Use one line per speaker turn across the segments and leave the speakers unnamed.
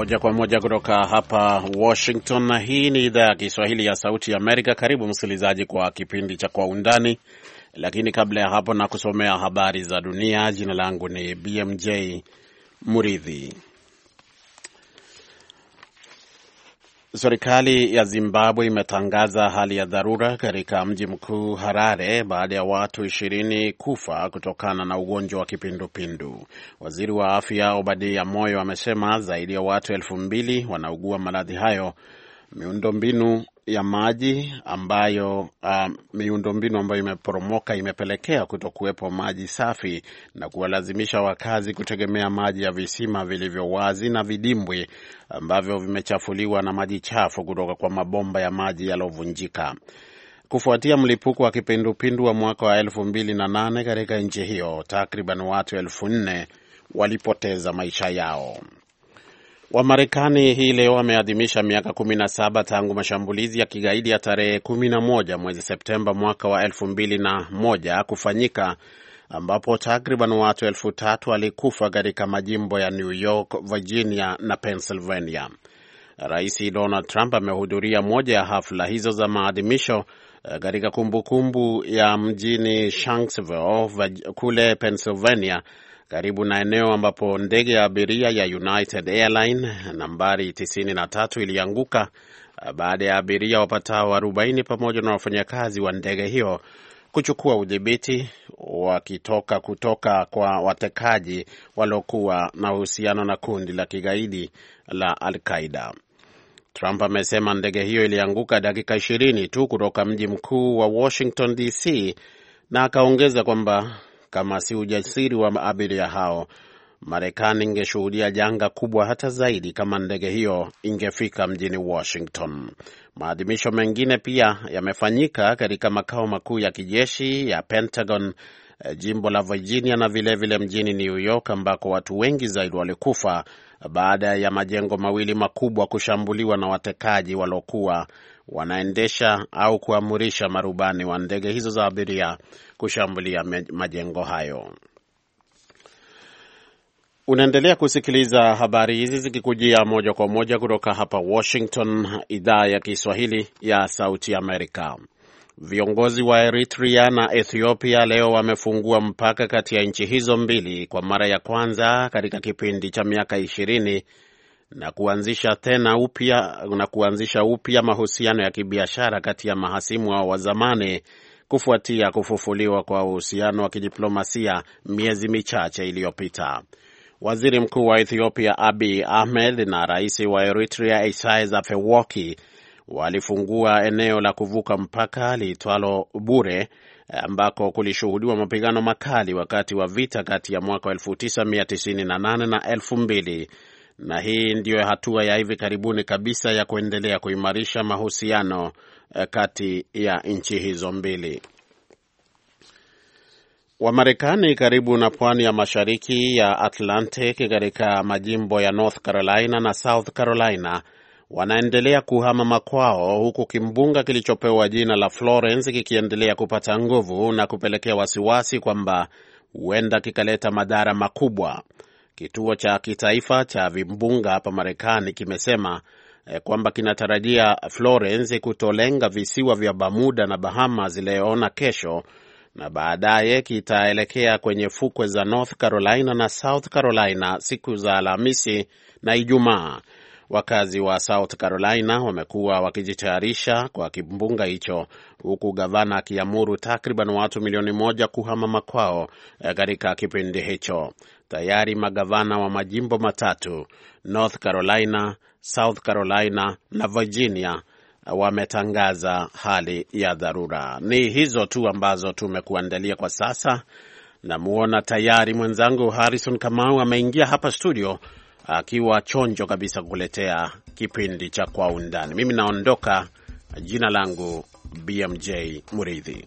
Moja kwa moja kutoka hapa Washington, na hii ni idhaa ya Kiswahili ya Sauti ya Amerika. Karibu msikilizaji kwa kipindi cha Kwa Undani, lakini kabla ya hapo na kusomea habari za dunia. Jina langu ni BMJ Muridhi. Serikali ya Zimbabwe imetangaza hali ya dharura katika mji mkuu Harare baada ya watu ishirini kufa kutokana na ugonjwa wa kipindupindu. Waziri wa afya ya Moyo amesema zaidi ya watu elfu mbili wanaugua maradhi hayo. Miundombinu ya maji ambayo um, miundombinu ambayo imeporomoka imepelekea kutokuwepo maji safi na kuwalazimisha wakazi kutegemea maji ya visima vilivyo wazi na vidimbwi ambavyo vimechafuliwa na maji chafu kutoka kwa mabomba ya maji yaliyovunjika. Kufuatia mlipuko wa kipindupindu wa mwaka wa elfu mbili na nane katika nchi hiyo, takriban watu elfu nne walipoteza maisha yao. Wamarekani hii leo wameadhimisha miaka 17 tangu mashambulizi ya kigaidi ya tarehe 11 mwezi Septemba mwaka wa 2001 kufanyika ambapo takriban watu elfu tatu walikufa katika majimbo ya New York, Virginia na Pennsylvania. Rais Donald Trump amehudhuria moja ya hafla hizo za maadhimisho eh, katika kumbukumbu ya mjini Shanksville kule Pennsylvania karibu na eneo ambapo ndege ya abiria ya United Airlines nambari 93 ilianguka uh, baada ya abiria wapatao 40 pamoja na wafanyakazi wa ndege hiyo kuchukua udhibiti wakitoka kutoka kwa watekaji waliokuwa na uhusiano na kundi la kigaidi la Al-Qaida. Trump amesema ndege hiyo ilianguka dakika 20 tu kutoka mji mkuu wa Washington DC na akaongeza kwamba kama si ujasiri wa abiria hao, Marekani ingeshuhudia janga kubwa hata zaidi kama ndege hiyo ingefika mjini Washington. Maadhimisho mengine pia yamefanyika katika makao makuu ya kijeshi ya Pentagon, eh, jimbo la Virginia na vilevile vile mjini New York ambako watu wengi zaidi walikufa baada ya majengo mawili makubwa kushambuliwa na watekaji waliokuwa wanaendesha au kuamurisha marubani wa ndege hizo za abiria kushambulia majengo hayo. Unaendelea kusikiliza habari hizi zikikujia moja kwa moja kutoka hapa Washington, idhaa ya Kiswahili ya Sauti Amerika. Viongozi wa Eritrea na Ethiopia leo wamefungua mpaka kati ya nchi hizo mbili kwa mara ya kwanza katika kipindi cha miaka ishirini na kuanzisha tena upya na kuanzisha upya mahusiano ya kibiashara kati ya mahasimu hao wa zamani kufuatia kufufuliwa kwa uhusiano wa kidiplomasia miezi michache iliyopita. Waziri Mkuu wa Ethiopia Abiy Ahmed na rais wa Eritrea Isaias Afwerki walifungua eneo la kuvuka mpaka liitwalo Bure ambako kulishuhudiwa mapigano makali wakati wa vita kati ya mwaka 1998 na na hii ndiyo hatua ya hivi karibuni kabisa ya kuendelea kuimarisha mahusiano eh, kati ya nchi hizo mbili. Wamarekani karibu na pwani ya mashariki ya Atlantic katika majimbo ya North Carolina na South Carolina wanaendelea kuhama makwao huku kimbunga kilichopewa jina la Florence kikiendelea kupata nguvu na kupelekea wasiwasi kwamba huenda kikaleta madhara makubwa. Kituo cha kitaifa cha vimbunga hapa Marekani kimesema eh, kwamba kinatarajia Florence kutolenga visiwa vya Bermuda na Bahamas ziliyoona kesho na baadaye kitaelekea kwenye fukwe za North Carolina na South Carolina siku za Alhamisi na Ijumaa. Wakazi wa South Carolina wamekuwa wakijitayarisha kwa kimbunga hicho, huku gavana akiamuru takriban watu milioni moja kuhama makwao eh, katika kipindi hicho tayari magavana wa majimbo matatu North Carolina, South Carolina na Virginia uh, wametangaza hali ya dharura. Ni hizo tu ambazo tumekuandalia kwa sasa. Namuona tayari mwenzangu Harrison Kamau ameingia hapa studio akiwa chonjo kabisa kuletea kipindi cha Kwa Undani. Mimi naondoka, jina langu BMJ Muridhi.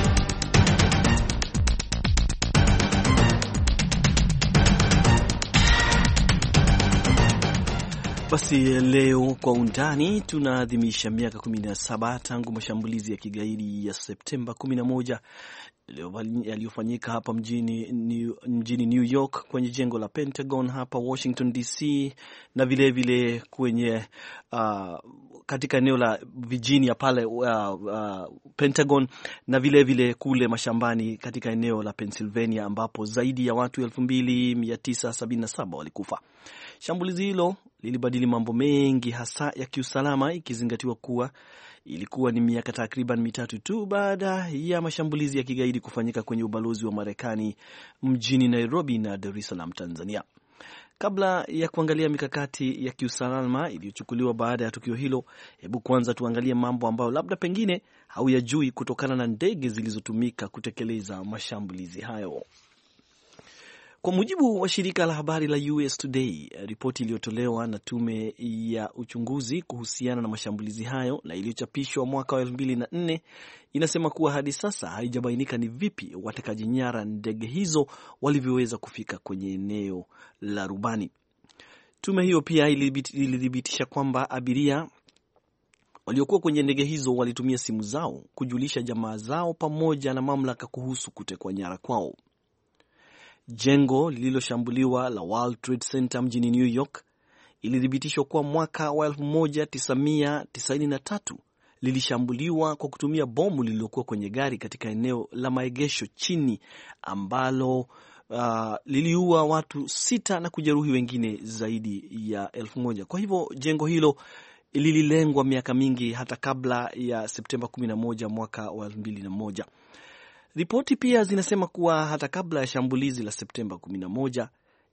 Basi leo kwa undani tunaadhimisha miaka 17 tangu mashambulizi ya kigaidi ya Septemba 11 yaliyofanyika hapa mjini New, mjini New York kwenye jengo la Pentagon hapa Washington DC na vilevile vile kwenye uh, katika eneo la Virginia pale uh, uh, Pentagon na vilevile vile kule mashambani katika eneo la Pennsylvania ambapo zaidi ya watu 2977 walikufa. Shambulizi hilo lilibadili mambo mengi, hasa ya kiusalama, ikizingatiwa kuwa ilikuwa ni miaka takriban mitatu tu baada ya mashambulizi ya kigaidi kufanyika kwenye ubalozi wa Marekani mjini Nairobi na Dar es Salaam, Tanzania. Kabla ya kuangalia mikakati ya kiusalama iliyochukuliwa baada ya tukio hilo, hebu kwanza tuangalie mambo ambayo labda pengine hauyajui kutokana na ndege zilizotumika kutekeleza mashambulizi hayo. Kwa mujibu wa shirika la habari la US Today, ripoti iliyotolewa na tume ya uchunguzi kuhusiana na mashambulizi hayo na iliyochapishwa mwaka wa 2004 inasema kuwa hadi sasa haijabainika ni vipi watekaji nyara ndege hizo walivyoweza kufika kwenye eneo la rubani. Tume hiyo pia ilithibitisha kwamba abiria waliokuwa kwenye ndege hizo walitumia simu zao kujulisha jamaa zao pamoja na mamlaka kuhusu kutekwa nyara kwao. Jengo lililoshambuliwa la World Trade Center mjini New York ilithibitishwa kuwa mwaka wa 1993 lilishambuliwa kwa kutumia bomu lililokuwa kwenye gari katika eneo la maegesho chini ambalo Uh, liliua watu sita na kujeruhi wengine zaidi ya elfu moja. Kwa hivyo jengo hilo lililengwa miaka mingi hata kabla ya Septemba 11 mwaka wa 2001. Ripoti pia zinasema kuwa hata kabla ya shambulizi la Septemba 11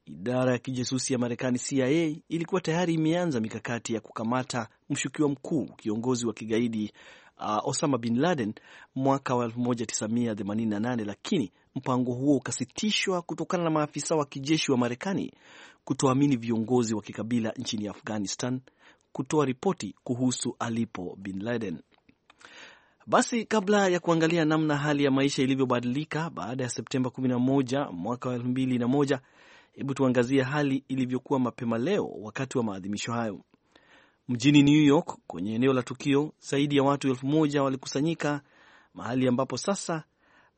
idara ya kijasusi ya Marekani CIA ilikuwa tayari imeanza mikakati ya kukamata mshukiwa mkuu kiongozi wa kigaidi uh, Osama bin Laden mwaka wa 1988, lakini mpango huo ukasitishwa kutokana na maafisa wa kijeshi wa Marekani kutoamini viongozi wa kikabila nchini Afghanistan kutoa ripoti kuhusu alipo bin Laden. Basi kabla ya kuangalia namna hali ya maisha ilivyobadilika baada ya Septemba 11 mwaka wa 2001, hebu tuangazie hali ilivyokuwa mapema leo wakati wa maadhimisho hayo. Mjini New York, kwenye eneo la tukio, zaidi ya watu elfu moja walikusanyika mahali ambapo sasa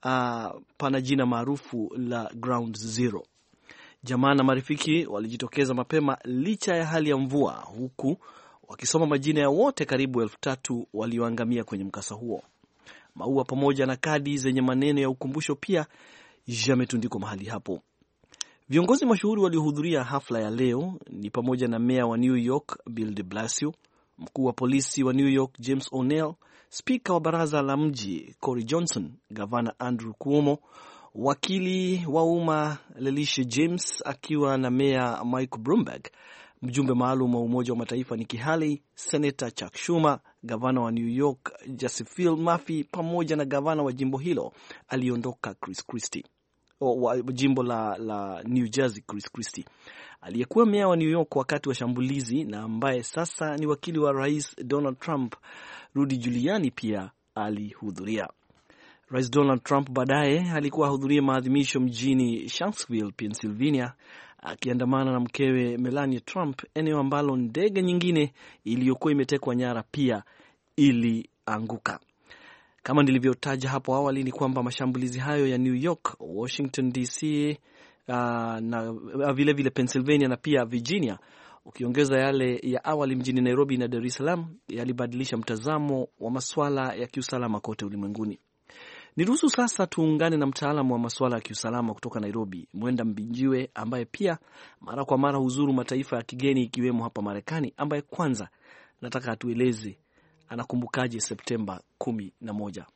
uh, pana jina maarufu la Ground Zero. Jamaa na marafiki walijitokeza mapema licha ya hali ya mvua, huku wakisoma majina ya wote karibu elfu tatu walioangamia kwenye mkasa huo. Maua pamoja na kadi zenye maneno ya ukumbusho pia yametundikwa mahali hapo. Viongozi mashuhuri waliohudhuria hafla ya leo ni pamoja na meya wa New York Bill de Blasio, mkuu wa polisi wa New York James O'Neill, spika wa baraza la mji Cory Johnson, gavana Andrew Cuomo, wakili wa umma Lelishe James akiwa na meya Mike Bloomberg Mjumbe maalum wa Umoja wa Mataifa Nikki Haley, senata Chuck Schumer, gavana wa New York Josephine Murphy pamoja na gavana wa jimbo hilo aliondoka Chris Christie wa jimbo la, la New Jersey Chris Christie aliyekuwa meya wa New York wakati wa shambulizi na ambaye sasa ni wakili wa rais Donald Trump. Rudy Giuliani pia alihudhuria. Rais Donald Trump baadaye alikuwa ahudhurie maadhimisho mjini Shanksville, Pennsylvania, akiandamana na mkewe Melania Trump, eneo ambalo ndege nyingine iliyokuwa imetekwa nyara pia ilianguka. Kama nilivyotaja hapo awali, ni kwamba mashambulizi hayo ya New York, Washington DC uh, na vilevile uh, vile Pennsylvania na pia Virginia, ukiongeza yale ya awali mjini Nairobi na Dar es Salaam, yalibadilisha mtazamo wa masuala ya kiusalama kote ulimwenguni. Niruhusu sasa tuungane na mtaalamu wa masuala ya kiusalama kutoka Nairobi, Mwenda Mbinjiwe, ambaye pia mara kwa mara huzuru mataifa ya kigeni ikiwemo hapa Marekani, ambaye kwanza nataka atueleze anakumbukaje Septemba kumi na moja.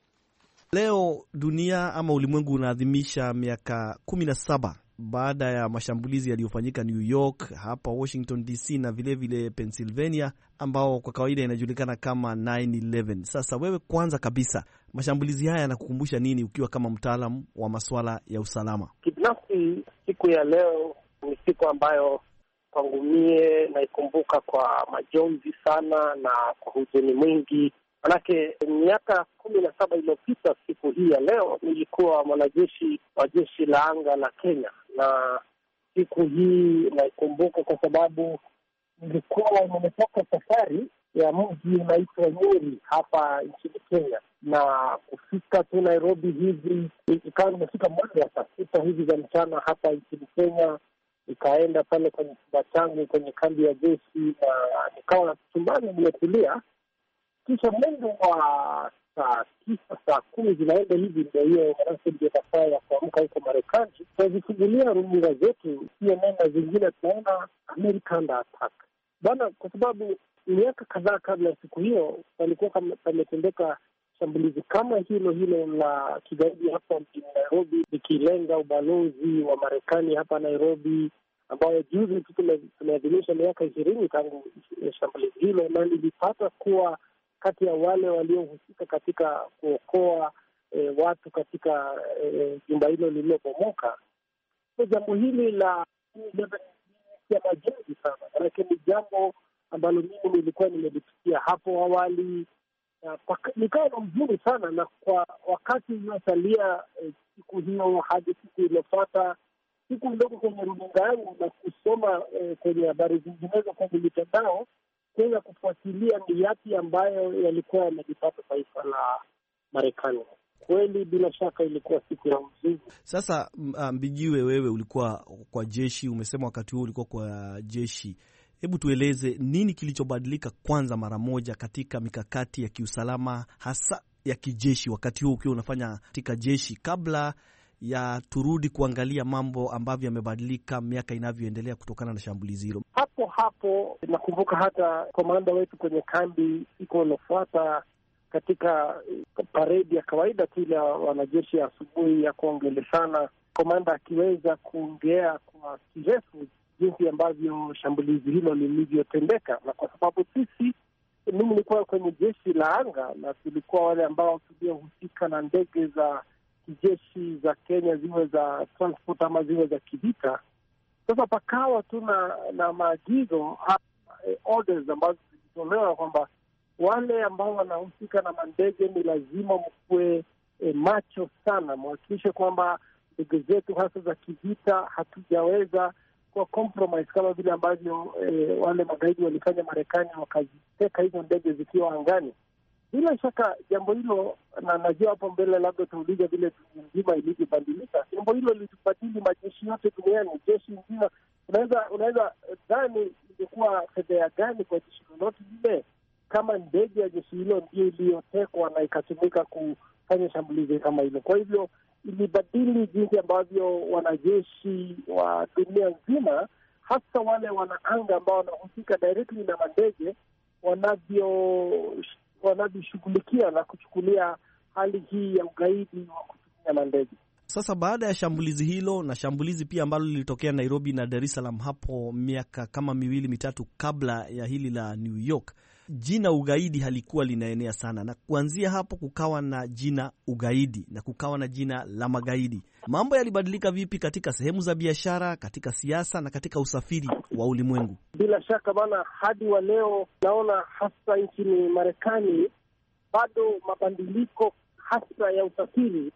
Leo dunia ama ulimwengu unaadhimisha miaka kumi na saba baada ya mashambulizi yaliyofanyika New York, hapa Washington DC na vilevile vile Pennsylvania, ambao kwa kawaida inajulikana kama 911. Sasa wewe, kwanza kabisa, mashambulizi haya yanakukumbusha nini ukiwa kama mtaalam wa masuala ya usalama?
Kibinafsi, siku ya leo ni siku ambayo kwangu mie naikumbuka kwa majonzi sana na kwa huzuni mwingi Manake miaka kumi na saba iliyopita siku hii ya leo nilikuwa mwanajeshi wa jeshi la anga la Kenya, na siku hii naikumbuka kwa sababu nilikuwa nimetoka safari ya mji unaitwa Nyeri hapa nchini Kenya, na kufika tu Nairobi hivi ikawa nimefika mwendo wa saa sita hivi za mchana hapa nchini Kenya. Nikaenda pale kwenye chumba changu kwenye kambi ya jeshi, na nikawa chumbani nimetulia kisha mwendo wa saa tisa saa kumi zinaenda hivi, ndo hiyo masaa ya kuamka huko Marekani. Tunazifungulia runinga zetu CNN na zingine, tunaona Amerika under attack bana, kwa sababu miaka kadhaa kabla ya siku hiyo palikuwa pametendeka shambulizi kama hilo hilo la kigaidi hapa mjini Nairobi, likilenga ubalozi wa Marekani hapa Nairobi, ambayo juzi tu tumeadhimisha miaka ishirini tangu shambulizi hilo, na lilipata kuwa kati ya wale waliohusika katika kuokoa e, watu katika e, jumba e, hilo lililobomoka. So jambo hili la ya majonzi sana, manake ni jambo ambalo mimi nilikuwa nimelipitia hapo awali nikawa na mzuri sana na kwa wakati uliosalia e, siku hiyo hadi siku iliyofata, siku ndogo kwenye runinga yangu na kusoma e, kwenye habari zinginezo kwenye mitandao, kuweza kufuatilia ni yapi ambayo yalikuwa yamelipata taifa la Marekani. Kweli bila shaka ilikuwa siku ya uzizi.
Sasa ah, Mbijiwe, wewe ulikuwa kwa jeshi, umesema wakati huo ulikuwa kwa jeshi. Hebu tueleze nini kilichobadilika kwanza mara moja katika mikakati ya kiusalama hasa ya kijeshi, wakati huo ukiwa unafanya katika jeshi, kabla ya turudi kuangalia mambo ambavyo yamebadilika miaka inavyoendelea kutokana na shambulizi hilo
hapo hapo. Nakumbuka hata komanda wetu kwenye kambi iko unafuata katika eh, paredi ya kawaida tu ile wanajeshi asubuhi ya kuongeleshana, komanda akiweza kuongea kwa kirefu jinsi ambavyo shambulizi hilo lilivyotendeka, na kwa sababu sisi mimi nilikuwa kwenye jeshi la anga na tulikuwa wale ambao tuliohusika na ndege za kijeshi za Kenya, ziwe za transport ama ziwe za kivita. Sasa pakawa tu na, na maagizo eh, orders ambazo zilitolewa kwamba wale ambao wanahusika na mandege ni lazima mkuwe e, eh, macho sana, mhakikishe kwamba ndege zetu hasa za kivita hatujaweza kuwa compromise kama vile ambavyo e, wale magaidi walifanya Marekani wakaziteka hizo ndege zikiwa angani. Bila shaka jambo hilo, na najua hapo mbele labda tuulize vile dunia nzima ilivyobadilika. Jambo hilo lilibadili majeshi yote duniani, jeshi nzima. Unaweza unaweza dhani ilikuwa fedheha gani kwa jeshi lolote lile kama ndege ya jeshi hilo ndio iliyotekwa na ikatumika kufanya shambulizi kama hilo. Kwa hivyo ilibadili jinsi ambavyo wanajeshi wa dunia nzima, hasa wale wanaanga ambao wanahusika directly na mandege wanavyo wanavyoshughulikia na kuchukulia hali hii ya ugaidi wa kutumia mandege. Sasa
baada ya shambulizi hilo na shambulizi pia ambalo lilitokea Nairobi na Dar es Salaam hapo miaka kama miwili mitatu kabla ya hili la New York, jina ugaidi halikuwa linaenea sana, na kuanzia hapo kukawa na jina ugaidi na kukawa na jina la magaidi. Mambo yalibadilika vipi katika sehemu za biashara, katika siasa na katika usafiri wa ulimwengu?
Bila shaka maana hadi wa leo naona hasa nchini Marekani bado mabadiliko hasa ya usafiri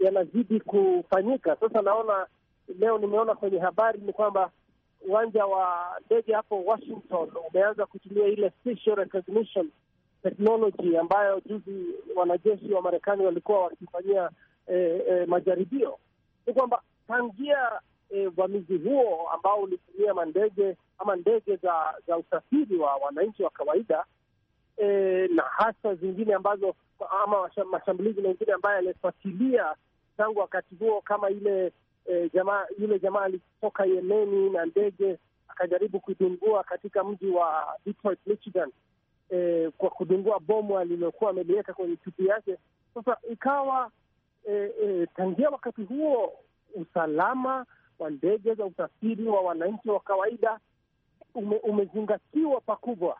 yanazidi kufanyika. Sasa naona leo nimeona kwenye habari ni kwamba uwanja wa ndege hapo Washington umeanza kutumia ile facial recognition technology ambayo juzi wanajeshi wa Marekani walikuwa wakifanyia eh, eh, majaribio. Ni kwamba tangia eh, uvamizi eh, huo ambao ulitumia mandege ama ndege za za usafiri wa wananchi wa kawaida eh, na hasa zingine ambazo ama mashambulizi mengine ambayo yalifuatilia tangu wakati huo kama ile e, jamaa yule jamaa alitoka Yemeni na ndege akajaribu kudungua katika mji wa Detroit, Michigan, e, kwa kudungua bomu alilokuwa ameliweka kwenye chupi yake. Sasa ikawa e, e, tangia wakati huo usalama wa ndege za usafiri wa wananchi wa kawaida ume, umezingatiwa pakubwa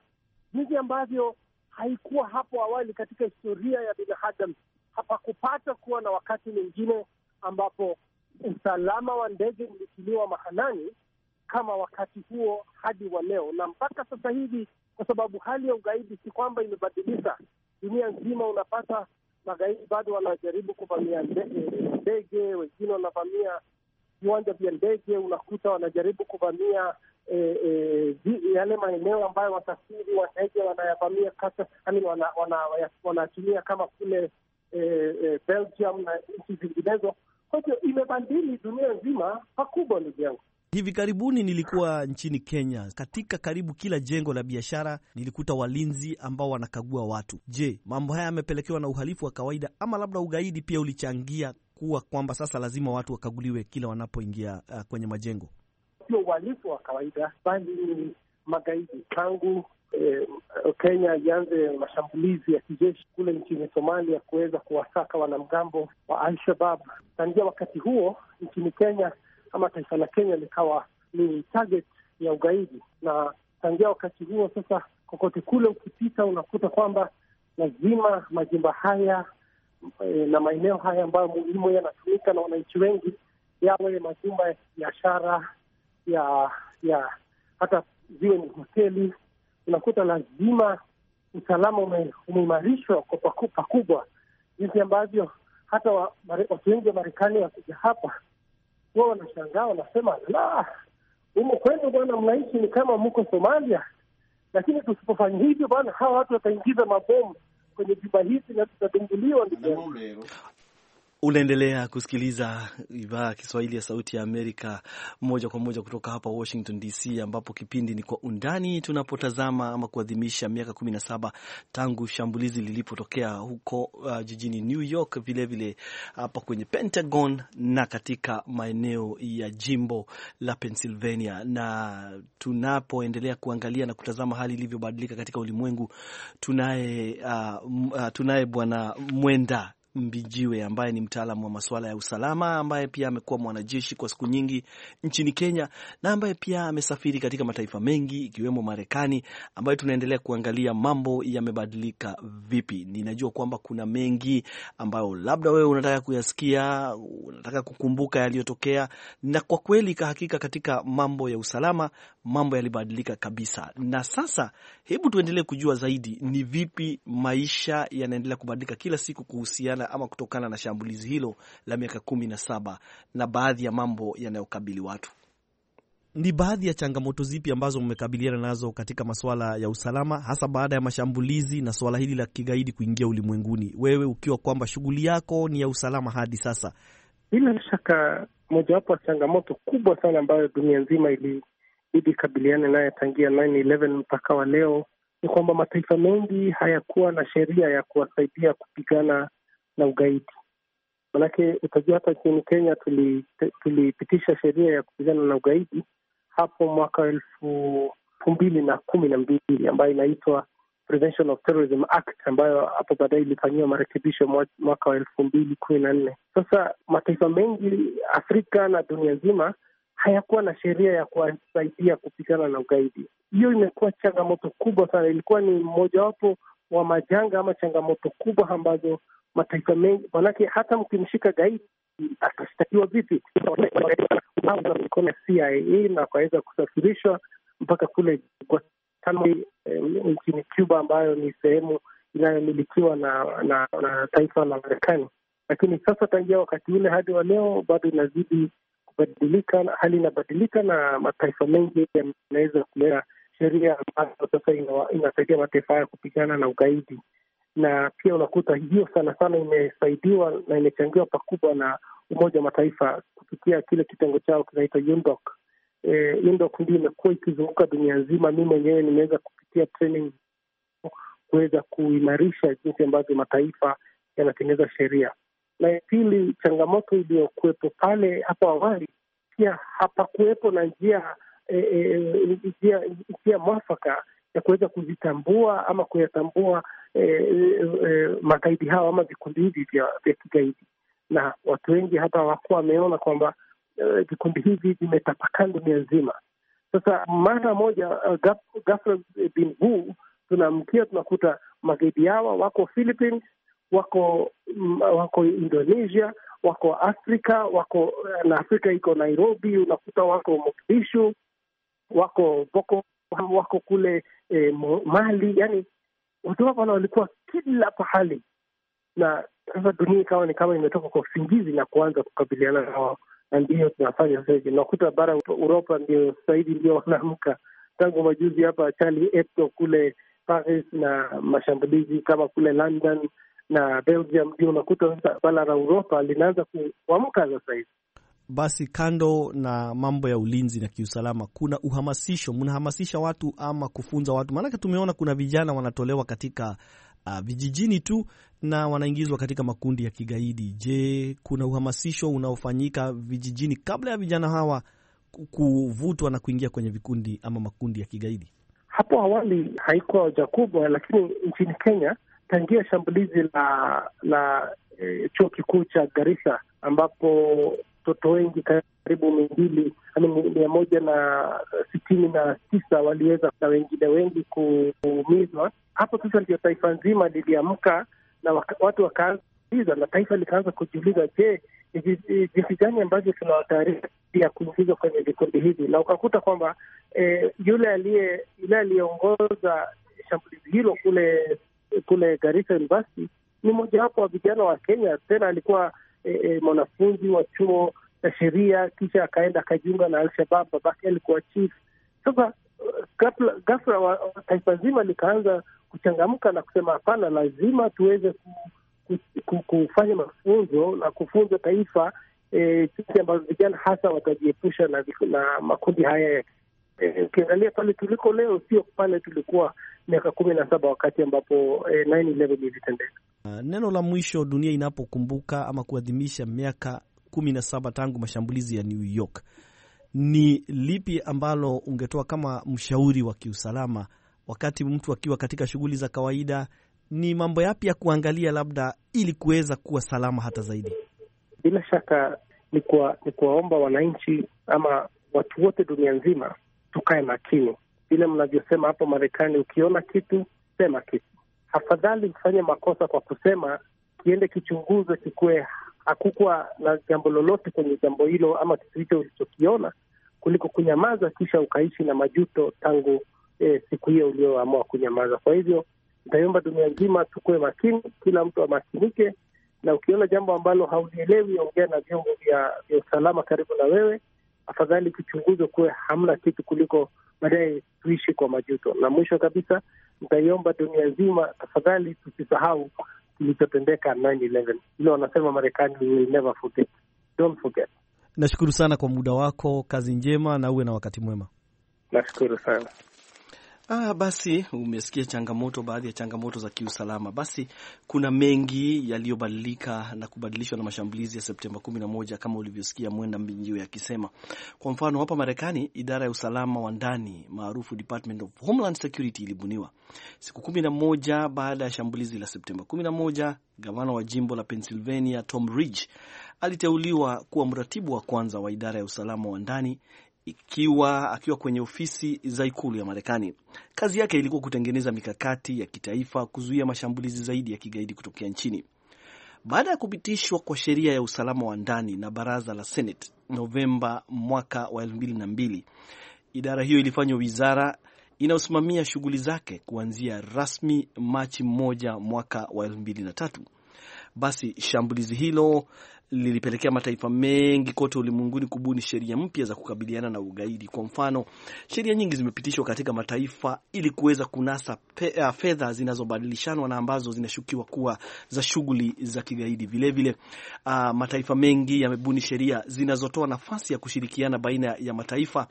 jinsi ambavyo haikuwa hapo awali katika historia ya binadamu. Hapakupata kuwa na wakati mwingine ambapo usalama wa ndege ulitiliwa maanani kama wakati huo hadi wa leo, na mpaka sasa hivi, kwa sababu hali ya ugaidi si kwamba imebadilika. Dunia nzima unapata magaidi bado wanajaribu kuvamia ndege, wengine wanavamia viwanja vya ndege, unakuta wanajaribu kuvamia e, e, yale maeneo ambayo wasafiri wa ndege wanayavamia wanatumia wana, wana, wana kama kule e, e, Belgium na nchi zinginezo kwa hivyo imebadili dunia nzima pakubwa, ndugu yangu.
Hivi karibuni nilikuwa nchini Kenya. Katika karibu kila jengo la biashara nilikuta walinzi ambao wanakagua watu. Je, mambo haya yamepelekewa na uhalifu wa kawaida ama labda ugaidi pia ulichangia kuwa kwamba sasa lazima watu wakaguliwe kila wanapoingia uh, kwenye majengo?
Sio uhalifu wa kawaida, bali magaidi. Tangu eh, Kenya ianze mashambulizi ya kijeshi kule nchini Somalia kuweza kuwasaka wanamgambo wa Al-Shabab. Tangia wakati huo nchini Kenya ama taifa la Kenya likawa ni target ya ugaidi, na tangia wakati huo sasa, kokote kule ukipita unakuta kwamba lazima majimba haya e, na maeneo haya ambayo muhimu yanatumika na wananchi wengi yawe majumba ya biashara ya ya hata ziwe ni hoteli unakuta lazima usalama umeimarishwa kwa pakubwa, jinsi ambavyo hata watu wengi wa Marekani wakija hapa huwa wanashangaa, wanasema la, umo kwenu bwana, mnaishi ni kama mko Somalia. Lakini tusipofanya hivyo bwana, hawa watu wataingiza mabomu kwenye jumba hizi na tutadunguliwa.
Unaendelea kusikiliza idhaa ya Kiswahili ya Sauti ya Amerika moja kwa moja kutoka hapa Washington DC, ambapo kipindi ni Kwa Undani, tunapotazama ama kuadhimisha miaka 17 tangu shambulizi lilipotokea huko uh, jijini New York, vilevile hapa kwenye Pentagon na katika maeneo ya jimbo la Pennsylvania. Na tunapoendelea kuangalia na kutazama hali ilivyobadilika katika ulimwengu, tunaye uh, uh, tunaye Bwana Mwenda Mbijiwe ambaye ni mtaalamu wa masuala ya usalama ambaye pia amekuwa mwanajeshi kwa siku nyingi nchini Kenya na ambaye pia amesafiri katika mataifa mengi ikiwemo Marekani, ambayo tunaendelea kuangalia mambo yamebadilika vipi. Ninajua kwamba kuna mengi ambayo labda wewe unataka kuyasikia, unataka kukumbuka yaliyotokea, na kwa kweli kahakika, katika mambo ya usalama mambo yalibadilika kabisa. Na sasa hebu tuendelee kujua zaidi ni vipi maisha yanaendelea kubadilika kila siku kuhusiana kutokana ama kutokana na shambulizi hilo la miaka kumi na saba na baadhi ya mambo yanayokabili watu. Ni baadhi ya changamoto zipi ambazo mmekabiliana nazo katika masuala ya usalama, hasa baada ya mashambulizi na suala hili la kigaidi kuingia ulimwenguni, wewe ukiwa kwamba shughuli yako ni ya usalama hadi sasa? Bila shaka
mojawapo ya changamoto kubwa sana ambayo dunia nzima ilibidi ikabiliane naye tangia 9 mpaka wa leo ni kwamba mataifa mengi hayakuwa na sheria ya kuwasaidia kupigana na ugaidi. Manake utajua hapa nchini Kenya tulipitisha tuli sheria ya kupigana na ugaidi hapo mwaka elfu mbili na kumi na mbili ambayo inaitwa Prevention of Terrorism Act ambayo hapo baadaye ilifanyiwa marekebisho mwaka wa elfu mbili kumi na nne. Sasa mataifa mengi Afrika na dunia nzima hayakuwa na sheria ya kuwasaidia kupigana na ugaidi. Hiyo imekuwa changamoto kubwa sana, ilikuwa ni mmojawapo wa majanga ama changamoto kubwa ambazo mataifa mengi, manake hata mkimshika gaidi atashtakiwa vipi? mikono ya CIA na akaweza kusafirishwa mpaka kule eh, nchini Cuba, ambayo ni sehemu inayomilikiwa na, na, na taifa la Marekani. Lakini sasa tangia wakati ule hadi wa leo bado inazidi kubadilika, hali inabadilika, na mataifa mengi yanaweza kuleta sheria ambayo sasa inasaidia mataifa haya kupigana na ugaidi na pia unakuta hiyo sana sana imesaidiwa na imechangiwa pakubwa na Umoja wa Mataifa kupitia kile kitengo chao kinaitwa UNDOC. E, UNDOC ndio imekuwa ikizunguka dunia nzima. Mi mwenyewe nimeweza kupitia training kuweza kuimarisha jinsi ambavyo mataifa yanatengeneza sheria. Na ya pili, changamoto iliyokuwepo pale hapo awali, pia hapakuwepo na njia e, e, njia, njia mwafaka ya kuweza kuzitambua ama kuyatambua Eh, eh, eh, magaidi hao ama vikundi hivi vya, kigaidi, na watu wengi hata wakuwa wameona kwamba vikundi vikundi hivi vimetapakaa dunia nzima. Sasa mara moja uh, ghafla bin huu tunaamkia tunakuta magaidi hawa wako Philippines, wako mm, wako Indonesia, wako Afrika, wako na Afrika iko Nairobi, unakuta wako Mogadishu, wako Boko wako kule eh, Mali, yani watu wako na walikuwa kila pahali, na sasa dunia ikawa ni kama imetoka kwa usingizi na kuanza kukabiliana nao, na ndiyo tunafanya sasa hivi. Unakuta bara Uropa ndio sasa hivi ndio wanaamka, tangu majuzi hapa Charlie Hebdo kule Paris na mashambulizi kama kule London na Belgium, ndio unakuta sasa bara la Uropa linaanza kuamka sasa hivi
basi kando na mambo ya ulinzi na kiusalama, kuna uhamasisho, mnahamasisha watu ama kufunza watu? Maanake tumeona kuna vijana wanatolewa katika uh, vijijini tu na wanaingizwa katika makundi ya kigaidi. Je, kuna uhamasisho unaofanyika vijijini kabla ya vijana hawa kuvutwa na kuingia kwenye vikundi ama makundi ya kigaidi?
Hapo awali haikuwa hoja kubwa, lakini nchini Kenya tangia shambulizi la la e, chuo kikuu cha Garissa ambapo watoto wengi karibu mia mbili mia moja na sitini na tisa waliweza na wengine wengi kuumizwa. Hapo sasa ndio taifa nzima liliamka na watu wakaanza na taifa likaanza kujiuliza, je, jinsi gani ambavyo tunawatayarisha ya kuingizwa kwenye vikundi hivi, na ukakuta kwamba eh, yule aliye yule aliyeongoza shambulizi hilo kule kule Garissa University ni mojawapo wa vijana wa Kenya, tena alikuwa e, mwanafunzi wa chuo cha sheria, kisha akaenda akajiunga na Alshabab, babake alikuwa chief. Sasa eh, ghafla taifa zima likaanza kuchangamka na kusema hapana, lazima tuweze ku, ku, ku, kufanya mafunzo na kufunza taifa jinsi e, ambazo vijana hasa watajiepusha na, na makundi haya Ukiangalia ukiangalia pale tuliko leo sio pale tulikuwa miaka kumi na saba wakati ambapo eh, 9/11 ilitendeka.
Neno la mwisho, dunia inapokumbuka ama kuadhimisha miaka kumi na saba tangu mashambulizi ya New York, ni lipi ambalo ungetoa kama mshauri wa kiusalama wakati mtu akiwa katika shughuli za kawaida? Ni mambo yapi ya kuangalia labda ili kuweza kuwa salama hata zaidi?
Bila shaka ni kwa, ni kuwaomba wananchi ama watu wote dunia nzima tukae makini. Vile mnavyosema hapo Marekani, ukiona kitu sema kitu afadhali mfanye makosa kwa kusema kiende kichunguzwe, kikuwe hakukuwa na jambo lolote kwenye jambo hilo ama kitu hicho ulichokiona, kuliko kunyamaza kisha ukaishi na majuto tangu eh, siku hiyo ulioamua kunyamaza. Kwa hivyo nitaiomba dunia nzima tukuwe makini, kila mtu amakinike, na ukiona jambo ambalo haulielewi, ongea na vyombo vya usalama karibu na wewe. Afadhali kichunguzwe kuwe hamna kitu kuliko baadaye tuishi kwa majuto. Na mwisho kabisa, nitaiomba dunia zima, tafadhali tusisahau kilichotendeka 9 hilo ile wanasema Marekani will never forget. Don't forget.
Nashukuru sana kwa muda wako, kazi njema na uwe na wakati mwema. Nashukuru sana. Ah, basi umesikia changamoto, baadhi ya changamoto za kiusalama. Basi kuna mengi yaliyobadilika na kubadilishwa na mashambulizi ya Septemba 11 kama ulivyosikia Mwenda Mbinjio yakisema. Kwa mfano, hapa Marekani idara ya usalama wa ndani maarufu Department of Homeland Security ilibuniwa siku 11 baada ya shambulizi la Septemba 11. Gavana wa jimbo la Pennsylvania Tom Ridge aliteuliwa kuwa mratibu wa kwanza wa idara ya usalama wa ndani ikiwa akiwa kwenye ofisi za ikulu ya Marekani. Kazi yake ilikuwa kutengeneza mikakati ya kitaifa kuzuia mashambulizi zaidi ya kigaidi kutokea nchini. Baada ya kupitishwa kwa sheria ya usalama wa ndani na baraza la Senate Novemba mwaka wa elfu mbili na mbili, idara hiyo ilifanywa wizara inayosimamia shughuli zake kuanzia rasmi Machi mmoja mwaka wa elfu mbili na tatu. Basi shambulizi hilo lilipelekea mataifa mengi kote ulimwenguni kubuni sheria mpya za kukabiliana na ugaidi. Kwa mfano, sheria nyingi zimepitishwa katika mataifa ili kuweza kunasa eh, fedha zinazobadilishanwa na ambazo zinashukiwa kuwa za shughuli za kigaidi. Vilevile vile, uh, mataifa mengi yamebuni sheria zinazotoa nafasi ya kushirikiana baina ya mataifa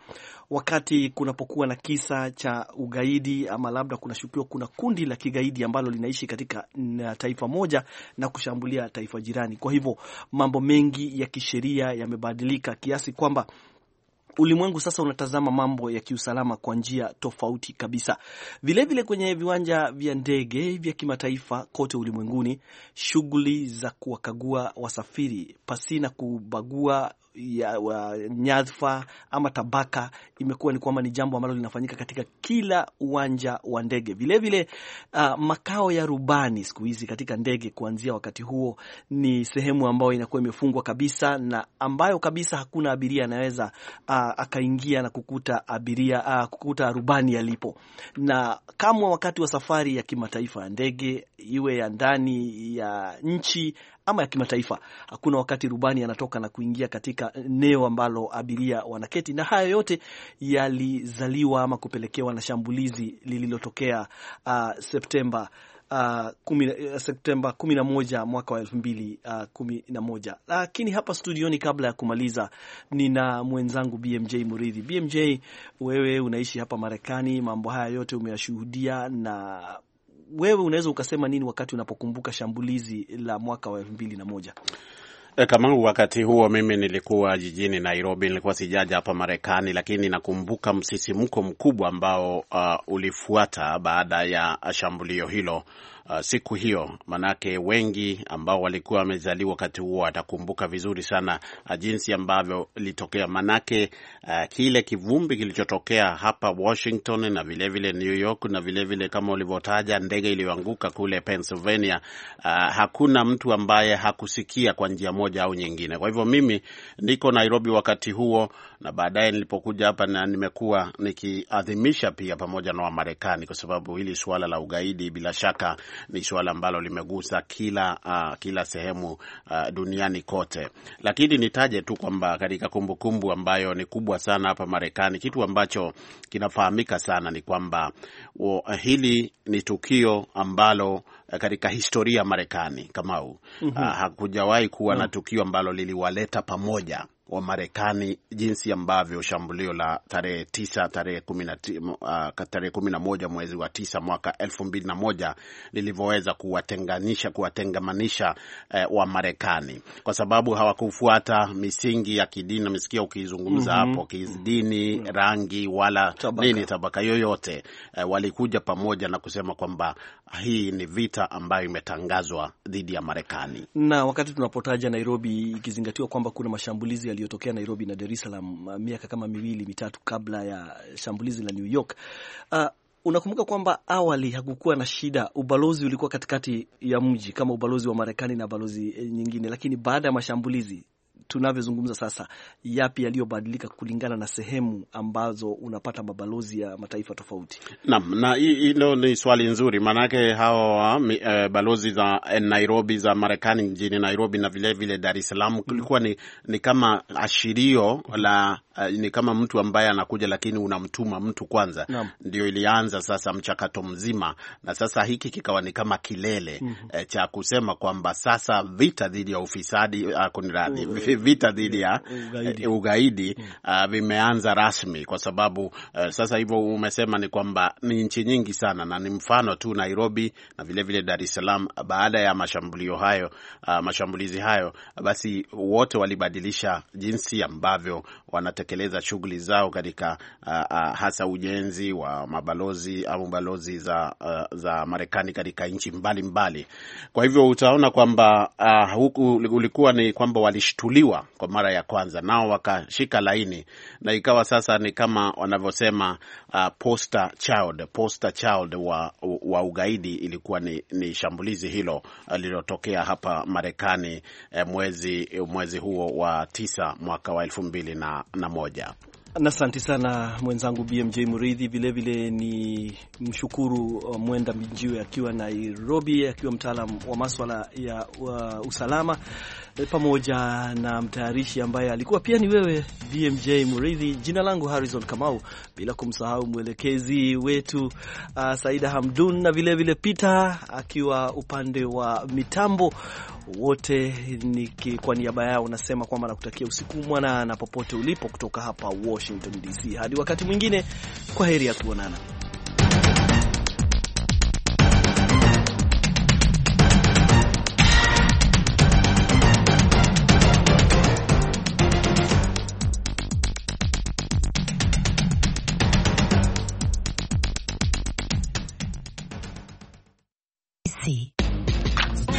wakati kunapokuwa na kisa cha ugaidi ama labda kunashukiwa kuna kundi la kigaidi ambalo linaishi katika taifa moja na kushambulia taifa jirani. Kwa hivyo mambo mengi ya kisheria yamebadilika kiasi kwamba ulimwengu sasa unatazama mambo ya kiusalama kwa njia tofauti kabisa. Vilevile vile kwenye viwanja vya ndege vya kimataifa kote ulimwenguni, shughuli za kuwakagua wasafiri pasina kubagua ya wa, nyadhifa ama tabaka imekuwa ni kwamba ni jambo ambalo linafanyika katika kila uwanja wa ndege. Vilevile uh, ah, makao ya rubani siku hizi katika ndege kuanzia wakati huo ni sehemu ambayo inakuwa imefungwa kabisa na ambayo kabisa hakuna abiria anaweza uh, akaingia na kukuta abiria uh, kukuta rubani alipo, na kama wakati wa safari ya kimataifa ya ndege iwe ya ndani ya nchi ama ya kimataifa. Hakuna wakati rubani anatoka na kuingia katika eneo ambalo abiria wanaketi, na haya yote yalizaliwa ama kupelekewa na shambulizi lililotokea uh, Septemba Uh, kumi, uh, Septemba 11 mwaka wa 2011. uh, Lakini hapa studioni, kabla ya kumaliza, nina mwenzangu BMJ Muridhi. BMJ, wewe unaishi hapa Marekani, mambo haya yote umeyashuhudia na wewe unaweza ukasema nini wakati unapokumbuka shambulizi la mwaka wa elfu mbili na moja?
E, Kamau, wakati huo mimi nilikuwa jijini Nairobi, nilikuwa sijaja hapa Marekani, lakini nakumbuka msisimko mkubwa ambao uh, ulifuata baada ya shambulio hilo uh, siku hiyo, manake wengi ambao walikuwa wamezaliwa wakati huo watakumbuka vizuri sana uh, jinsi ambavyo ilitokea, manake uh, kile kivumbi kilichotokea hapa Washington na vilevile vile New York na vilevile vile kama ulivyotaja ndege iliyoanguka kule Pennsylvania, uh, hakuna mtu ambaye hakusikia kwa njia moja au nyingine. Kwa hivyo mimi niko Nairobi wakati huo na baadaye nilipokuja hapa na nimekuwa nikiadhimisha pia pamoja na Wamarekani kwa sababu hili suala la ugaidi bila shaka ni suala ambalo limegusa kila uh, kila sehemu uh, duniani kote, lakini nitaje tu kwamba katika kumbukumbu ambayo ni kubwa sana hapa Marekani, kitu ambacho kinafahamika sana ni kwamba uh, hili ni tukio ambalo uh, katika historia ya Marekani huu mm -hmm. uh, ah, hakujawahi kuwa mm -hmm. na tukio ambalo liliwaleta pamoja wa Marekani jinsi ambavyo shambulio la tarehe tisa uh, tarehe kumi na moja mwezi wa tisa mwaka elfu mbili na moja lilivyoweza kuwatenganisha kuwatengamanisha eh, wa Marekani kwa sababu hawakufuata misingi ya kidini. Namesikia ukizungumza mhm. hapo mm -hmm. kidini mm -hmm. rangi wala tabaka. nini tabaka yoyote eh, walikuja pamoja na kusema kwamba hii ni vita ambayo imetangazwa dhidi ya Marekani
na wakati tunapotaja Nairobi ikizingatiwa kwamba kuna mashambulizi ya iliyotokea Nairobi na Dar es Salaam uh, miaka kama miwili mitatu kabla ya shambulizi la New York. Uh, unakumbuka kwamba awali hakukuwa na shida, ubalozi ulikuwa katikati ya mji kama ubalozi wa Marekani na balozi eh, nyingine, lakini baada ya mashambulizi tunavyozungumza sasa, yapi yaliyobadilika kulingana na sehemu ambazo unapata mabalozi ya mataifa tofauti?
Naam, na hilo ni swali nzuri, maanake hawa uh, balozi za eh, Nairobi za Marekani mjini Nairobi na vilevile Dar es Salaam kulikuwa ni, ni kama ashirio la uh, ni kama mtu ambaye anakuja lakini unamtuma mtu kwanza Ndio ilianza sasa mchakato mzima, na sasa hiki kikawa ni kama kilele mm -hmm. cha kusema kwamba sasa vita dhidi ya ufisadi uh, ah, kuniradhi vita dhidi ya ugaidi, eh, ugaidi uh, vimeanza rasmi kwa sababu uh, sasa hivyo umesema ni kwamba ni nchi nyingi sana, na ni mfano tu Nairobi na vilevile vile Dar es Salaam baada ya mashambulio hayo uh, mashambulizi hayo basi wote walibadilisha jinsi ambavyo wanatekeleza shughuli zao katika uh, uh, hasa ujenzi wa mabalozi au balozi za, uh, za Marekani katika nchi mbalimbali. Kwa hivyo utaona kwamba uh, huku ulikuwa ni kwamba walishtuliwa kwa mara ya kwanza, nao wakashika laini na ikawa sasa ni kama wanavyosema uh, poster child, poster child wa, wa ugaidi ilikuwa ni, ni shambulizi hilo lililotokea hapa Marekani eh, mwezi, mwezi huo wa tisa mwaka wa elfu mbili na na moja.
Asante sana mwenzangu BMJ mridhi Vilevile ni mshukuru uh, Mwenda mijiwe akiwa Nairobi, akiwa mtaalam wa maswala ya wa usalama Eh, pamoja na mtayarishi ambaye alikuwa pia ni wewe BMJ Muridhi. Jina langu Harrison Kamau, bila kumsahau mwelekezi wetu uh, Saida Hamdun na vilevile Peter akiwa upande wa mitambo. Wote niki, kwa niaba yao nasema kwamba nakutakia usiku mwanana popote ulipo, kutoka hapa Washington DC. Hadi wakati mwingine, kwa heri ya kuonana.